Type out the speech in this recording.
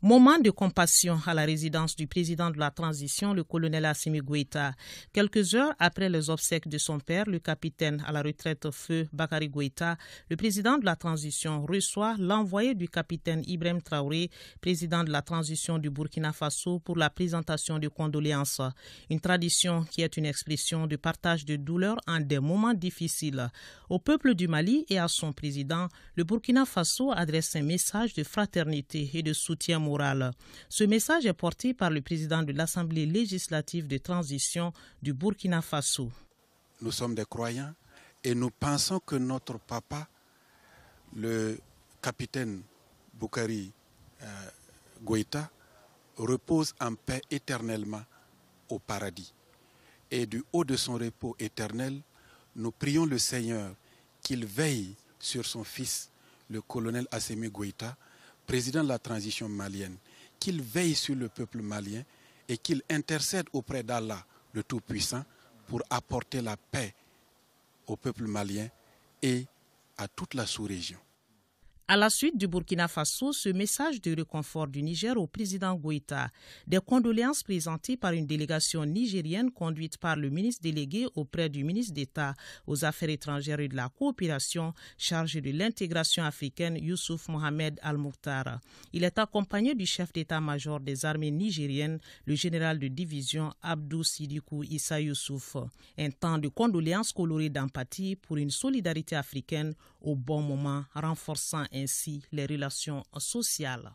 Moment de compassion à la résidence du président de la transition, le colonel Assimi Goïta. Quelques heures après les obsèques de son père, le capitaine à la retraite feu Bakari Goïta, le président de la transition reçoit l'envoyé du capitaine Ibrahim Traoré, président de la transition du Burkina Faso, pour la présentation de condoléances. Une tradition qui est une expression de partage de douleur en des moments difficiles. Au peuple du Mali et à son président, le Burkina Faso adresse un message de fraternité et de soutien ce message est porté par le président de l'Assemblée législative de transition du Burkina Faso. Nous sommes des croyants et nous pensons que notre papa, le capitaine Boukari euh, Goïta, repose en paix éternellement au paradis. Et du haut de son repos éternel, nous prions le Seigneur qu'il veille sur son fils, le colonel Assemi Goïta, président de la transition malienne, qu'il veille sur le peuple malien et qu'il intercède auprès d'Allah, le Tout-Puissant, pour apporter la paix au peuple malien et à toute la sous-région. À la suite du Burkina Faso, ce message de réconfort du Niger au président Goïta, des condoléances présentées par une délégation nigérienne conduite par le ministre délégué auprès du ministre d'État aux Affaires étrangères et de la coopération chargé de l'intégration africaine Youssouf Mohamed al Il est accompagné du chef d'état-major des armées nigériennes, le général de division Abdou Sidikou Issa Youssouf. Un temps de condoléances colorées d'empathie pour une solidarité africaine au bon moment, renforçant ainsi les relations sociales.